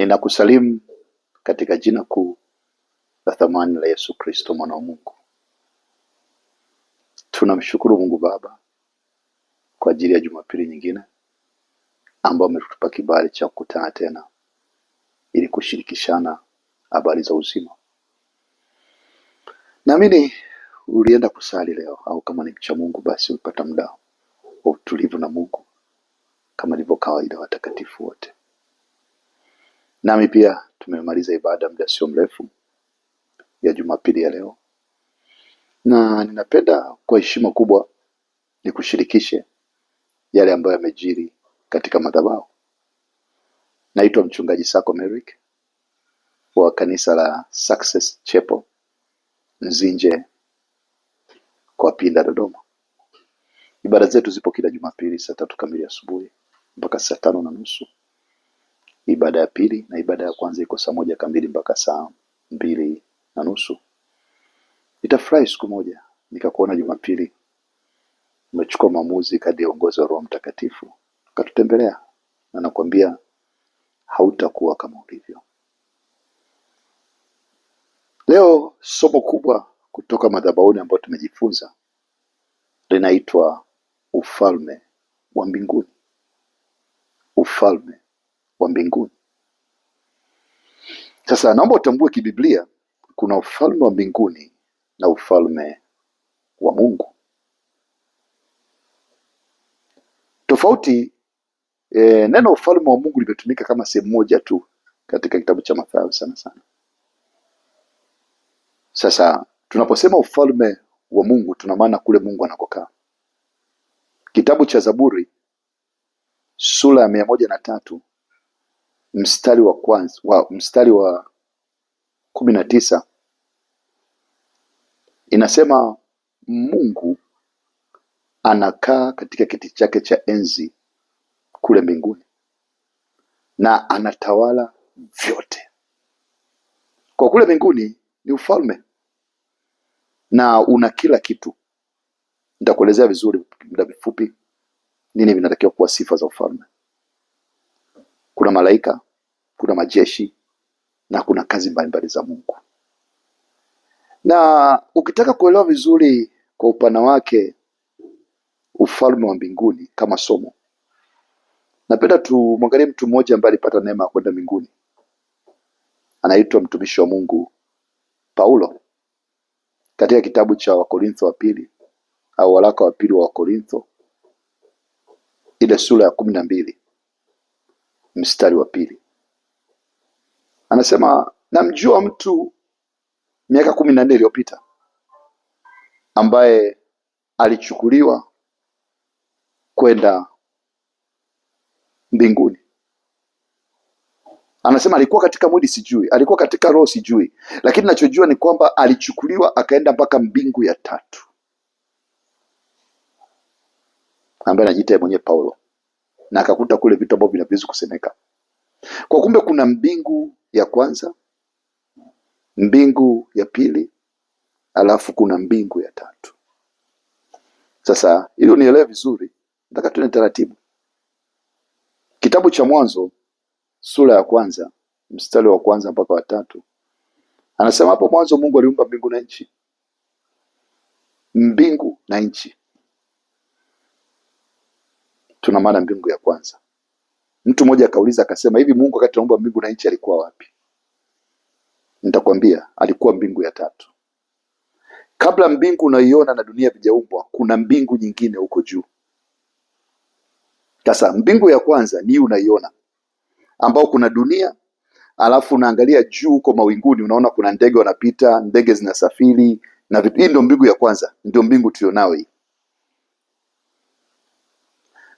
Ninakusalimu katika jina kuu la thamani la Yesu Kristo mwana wa Mungu. Tunamshukuru Mungu Baba kwa ajili ya Jumapili nyingine ambayo umetupa kibali cha kukutana tena ili kushirikishana habari za uzima. Naamini ulienda kusali leo, au kama ni mcha Mungu basi ulipata muda wa utulivu na Mungu kama ilivyo kawaida watakatifu wote. Nami pia tumemaliza ibada muda sio mrefu ya Jumapili ya leo, na ninapenda kwa heshima kubwa nikushirikishe yale ambayo yamejiri katika madhabahu. Naitwa mchungaji Sako Merrick wa kanisa la Success Chapel Nzinje kwa Pinda, Dodoma. Ibada zetu zipo kila Jumapili saa tatu kamili asubuhi mpaka saa tano na nusu ibada ya pili na ibada ya kwanza iko saa moja kamili mpaka saa mbili na nusu. Nitafurahi siku moja nikakuona Jumapili umechukua maamuzi kadri ya uongozi wa Roho Mtakatifu katutembelea, na nakwambia hautakuwa kama ulivyo leo. Somo kubwa kutoka madhabahuni ambayo tumejifunza linaitwa ufalme wa mbinguni. Ufalme wa mbinguni. Sasa naomba utambue kibiblia kuna ufalme wa mbinguni na ufalme wa Mungu tofauti. E, neno ufalme wa Mungu limetumika kama sehemu moja tu katika kitabu cha Mathayo sana sana. Sasa tunaposema ufalme wa Mungu tuna maana kule Mungu anakokaa. Kitabu cha Zaburi sura ya mia moja na tatu mstari wa kwanza wa mstari wa kumi na tisa inasema Mungu anakaa katika kiti chake cha enzi kule mbinguni na anatawala vyote. Kwa kule mbinguni ni ufalme na una kila kitu. Nitakuelezea vizuri muda mfupi nini vinatakiwa kuwa sifa za ufalme kuna malaika, kuna majeshi na kuna kazi mbalimbali za Mungu. Na ukitaka kuelewa vizuri kwa upana wake ufalme wa mbinguni kama somo, napenda tumwangalie mtu mmoja ambaye alipata neema ya kwenda mbinguni. Anaitwa mtumishi wa Mungu Paulo, katika kitabu cha Wakorintho wa pili au waraka wa pili wa Wakorintho ile sura ya kumi na mbili mstari wa pili anasema, namjua mtu miaka kumi na nne iliyopita ambaye alichukuliwa kwenda mbinguni. Anasema alikuwa katika mwili sijui, alikuwa katika roho sijui, lakini nachojua ni kwamba alichukuliwa akaenda mpaka mbingu ya tatu, ambaye anajiita mwenyewe Paulo na akakuta kule vitu ambavyo vinaviwezi kusemeka. Kwa kumbe kuna mbingu ya kwanza, mbingu ya pili, alafu kuna mbingu ya tatu. Sasa ili unielewe vizuri, nataka tuende taratibu. Kitabu cha Mwanzo sura ya kwanza mstari wa kwanza mpaka wa tatu anasema hapo mwanzo Mungu aliumba mbingu na nchi. Mbingu na nchi tuna maana mbingu ya kwanza. Mtu mmoja akauliza akasema, hivi Mungu wakati anaumba mbingu na nchi alikuwa wapi? Nitakwambia, alikuwa mbingu ya tatu. Kabla mbingu unaiona na dunia vijaumbwa, kuna mbingu nyingine huko juu. Sasa mbingu ya kwanza ni unaiona, ambao kuna dunia alafu unaangalia juu huko mawinguni, unaona kuna ndege wanapita, ndege zinasafiri na vitu. Hii ndio mbingu ya kwanza, ndio mbingu tulionayo hii.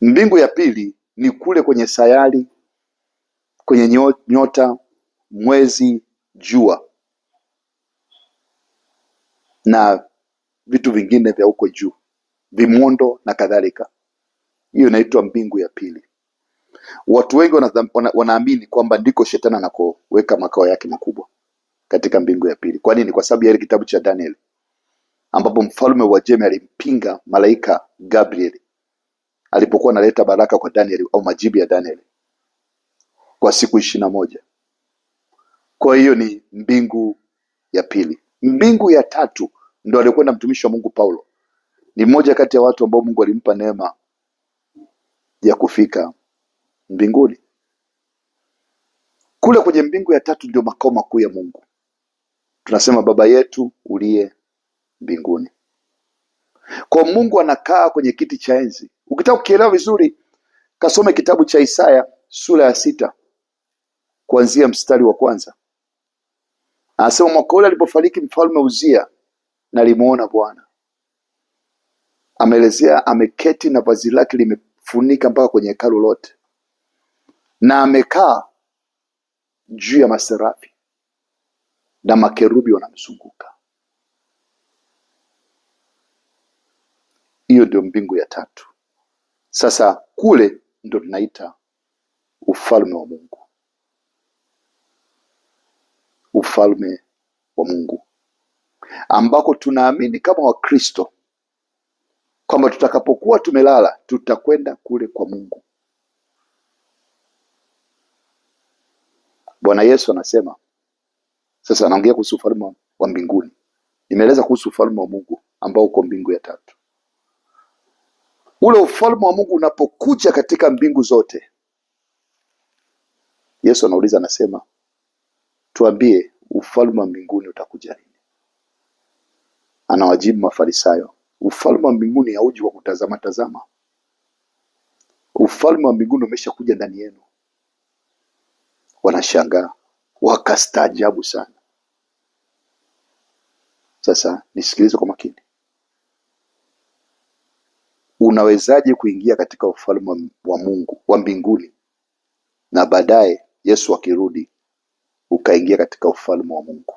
Mbingu ya pili ni kule kwenye sayari, kwenye nyota, mwezi, jua na vitu vingine vya huko juu, vimondo na kadhalika. Hiyo inaitwa mbingu ya pili. Watu wengi wanaamini wana, kwamba ndiko shetani anakoweka makao yake makubwa katika mbingu ya pili. Kwa nini? Kwa sababu ya ile kitabu cha daniel ambapo mfalme wa Jemi alimpinga malaika Gabrieli alipokuwa analeta baraka kwa daniel au majibu ya daniel kwa siku ishirini na moja. Kwa hiyo ni mbingu ya pili. Mbingu ya tatu ndo aliyokwenda mtumishi wa Mungu Paulo, ni mmoja kati ya watu ambao Mungu alimpa neema ya kufika mbinguni. Kule kwenye mbingu ya tatu ndio makao makuu ya Mungu, tunasema Baba yetu uliye mbinguni. Kwa Mungu anakaa kwenye kiti cha enzi Ukitaka kukielewa vizuri, kasome kitabu cha Isaya sura ya sita kuanzia mstari wa kwanza. Anasema mwaka ule alipofariki mfalme Uzia, nalimuona Bwana ameelezea, ameketi na vazi lake limefunika mpaka kwenye hekalu lote, na amekaa juu ya maserafi na makerubi wanamzunguka. Hiyo ndio mbingu ya tatu. Sasa kule ndo tunaita ufalme wa Mungu, ufalme wa Mungu ambako tunaamini kama Wakristo kwamba tutakapokuwa tumelala tutakwenda kule kwa Mungu. Bwana Yesu anasema sasa, anaongea kuhusu ufalme wa mbinguni. Nimeeleza kuhusu ufalme wa Mungu ambao uko mbingu ya tatu ule ufalme wa Mungu unapokuja katika mbingu zote, Yesu anauliza anasema, tuambie ufalme wa mbinguni utakuja lini? Anawajibu Mafarisayo, ufalme wa mbinguni hauji kwa kutazama tazama, ufalme wa mbinguni umeshakuja ndani yenu. Wanashangaa wakastaajabu sana. Sasa nisikilize kwa makini unawezaje kuingia katika ufalme wa Mungu wa mbinguni, na baadaye Yesu akirudi ukaingia katika ufalme wa Mungu?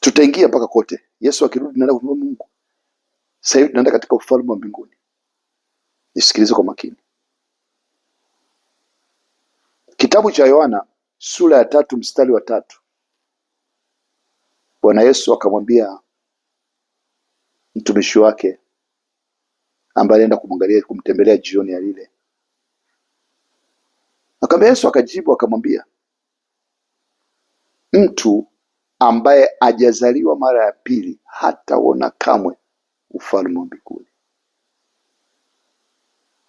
Tutaingia mpaka kote. Yesu akirudi ufalme wa Mungu. Sasa hivi tunaenda katika ufalme wa mbinguni. Nisikilize kwa makini. Kitabu cha Yohana sura ya tatu mstari wa tatu. Bwana Yesu akamwambia mtumishi wake ambaye alienda kumwangalia kumtembelea jioni ya lile. Akamba Yesu akajibu akamwambia, mtu ambaye ajazaliwa mara ya pili hataona kamwe ufalme wa mbinguni.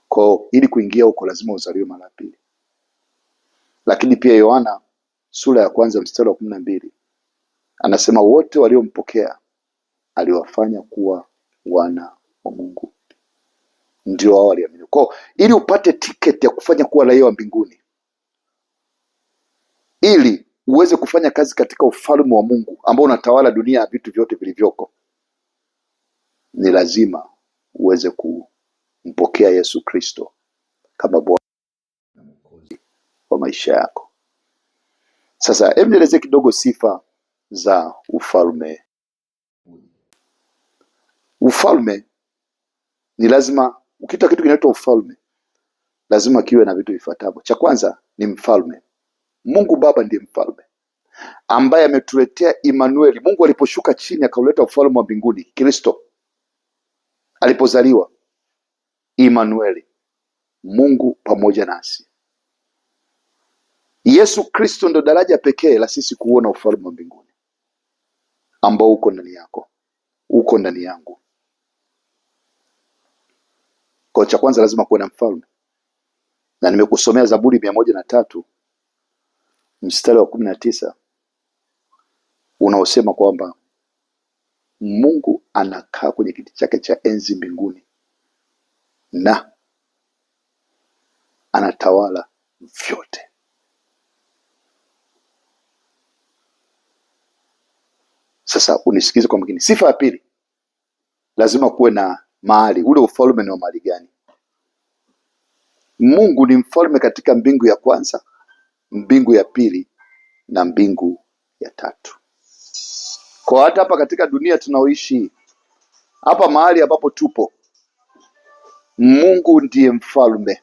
Kwa ili kuingia huko lazima uzaliwe mara ya pili. Lakini pia Yohana sura ya kwanza mstari wa kumi na mbili anasema wote waliompokea aliwafanya kuwa wana wa Mungu ndio hao waliamini. Kwao ili upate tiketi ya kufanya kuwa raia wa mbinguni, ili uweze kufanya kazi katika ufalme wa Mungu ambao unatawala dunia ya vitu vyote vilivyoko, ni lazima uweze kumpokea Yesu Kristo kama Bwana na Mwokozi wa maisha yako. Sasa hebu nielezee kidogo sifa za ufalme. Ufalme ni lazima Ukita kitu kinaitwa ufalme lazima kiwe na vitu vifuatavyo. Cha kwanza ni mfalme. Mungu Baba ndiye mfalme ambaye ametuletea Imanueli. Mungu aliposhuka chini akauleta ufalme wa mbinguni, Kristo alipozaliwa, Imanueli, Mungu pamoja nasi. Yesu Kristo ndo daraja pekee la sisi kuona ufalme wa mbinguni ambao uko ndani yako, uko ndani yangu. Kwa cha kwanza lazima kuwe na mfalme, na nimekusomea Zaburi mia moja na tatu mstari wa kumi na tisa unaosema kwamba Mungu anakaa kwenye kiti chake cha enzi mbinguni na anatawala vyote. Sasa unisikize kwa makini. Sifa ya pili, lazima kuwe na mahali. Ule ufalme ni wa mahali gani? Mungu ni mfalme katika mbingu ya kwanza, mbingu ya pili na mbingu ya tatu. Kwa hata hapa katika dunia tunaoishi hapa, mahali ambapo tupo, Mungu ndiye mfalme,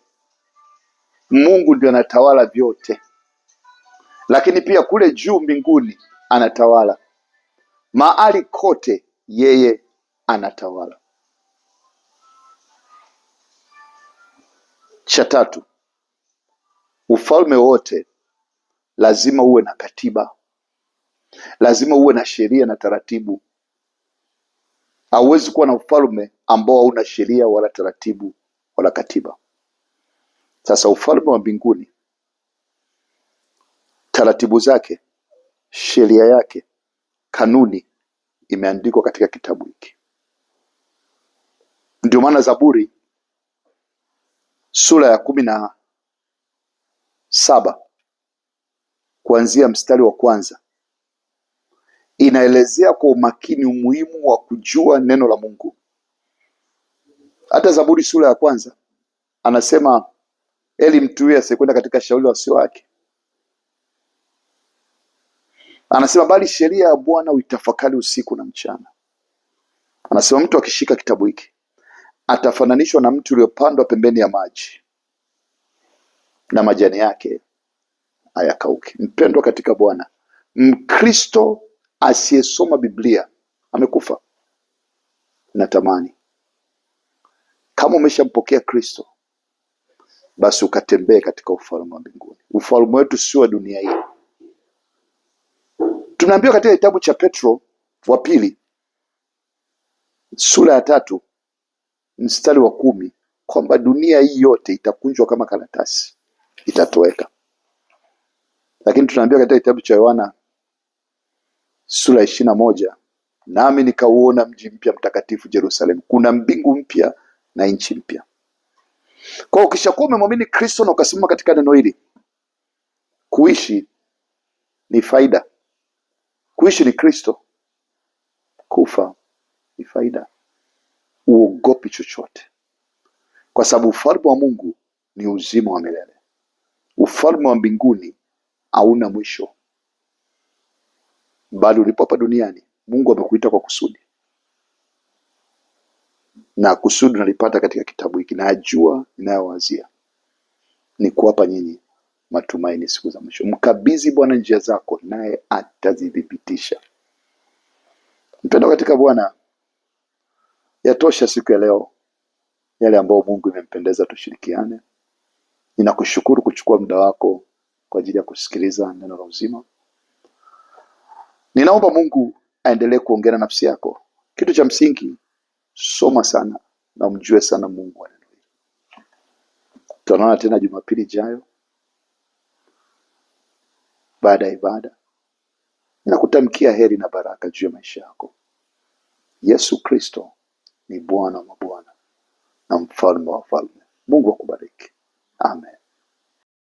Mungu ndiye anatawala vyote, lakini pia kule juu mbinguni anatawala mahali kote, yeye anatawala. Cha tatu, ufalme wote lazima uwe na katiba, lazima uwe na sheria na taratibu. Hauwezi kuwa na ufalme ambao hauna sheria wala taratibu wala katiba. Sasa ufalme wa mbinguni, taratibu zake, sheria yake, kanuni imeandikwa katika kitabu hiki. Ndio maana Zaburi sura ya kumi na saba kuanzia mstari wa kwanza inaelezea kwa umakini umuhimu wa kujua neno la Mungu. Hata Zaburi sura ya kwanza anasema eli mtu huyu asiyekwenda katika shauri la wasio wake, anasema bali sheria ya Bwana uitafakari usiku na mchana. Anasema mtu akishika kitabu hiki atafananishwa na mti uliopandwa pembeni ya maji na majani yake hayakauki. Mpendwa katika Bwana, Mkristo asiyesoma Biblia amekufa. Natamani kama umeshampokea Kristo, basi ukatembee katika ufalme wa mbinguni. Ufalme wetu sio wa dunia hii. Tunaambiwa katika kitabu cha Petro wa pili sura ya tatu mstari wa kumi kwamba dunia hii yote itakunjwa kama karatasi, itatoweka. Lakini tunaambiwa katika kitabu cha Yohana sura ishirini na moja nami nikauona mji mpya mtakatifu jerusalemu kuna mbingu mpya na nchi mpya. Kwa hiyo ukishakuwa umemwamini Kristo na ukasimama katika neno hili, kuishi ni faida. Kuishi ni Kristo, kufa ni faida uogopi chochote, kwa sababu ufalme wa Mungu ni uzima wa milele. Ufalme wa mbinguni hauna mwisho, bali ulipo hapa duniani Mungu amekuita kwa kusudi, na kusudi unalipata katika kitabu hiki, najua inayowazia ni kuwapa nyinyi matumaini siku za mwisho. mkabizi Bwana njia zako, naye atazithibitisha. Mpendo katika Bwana. Yatosha siku ya leo yale ambayo Mungu imempendeza tushirikiane. Ninakushukuru kuchukua muda wako kwa ajili ya kusikiliza neno la uzima. Ninaomba Mungu aendelee kuongea na nafsi yako. Kitu cha msingi, soma sana na umjue sana Mungu. Tutaonana tena Jumapili ijayo baada ya ibada. Ninakutamkia heri na baraka juu ya maisha yako. Yesu Kristo ni Bwana wa mabwana na mfalme wa falme Mungu akubariki. Amen.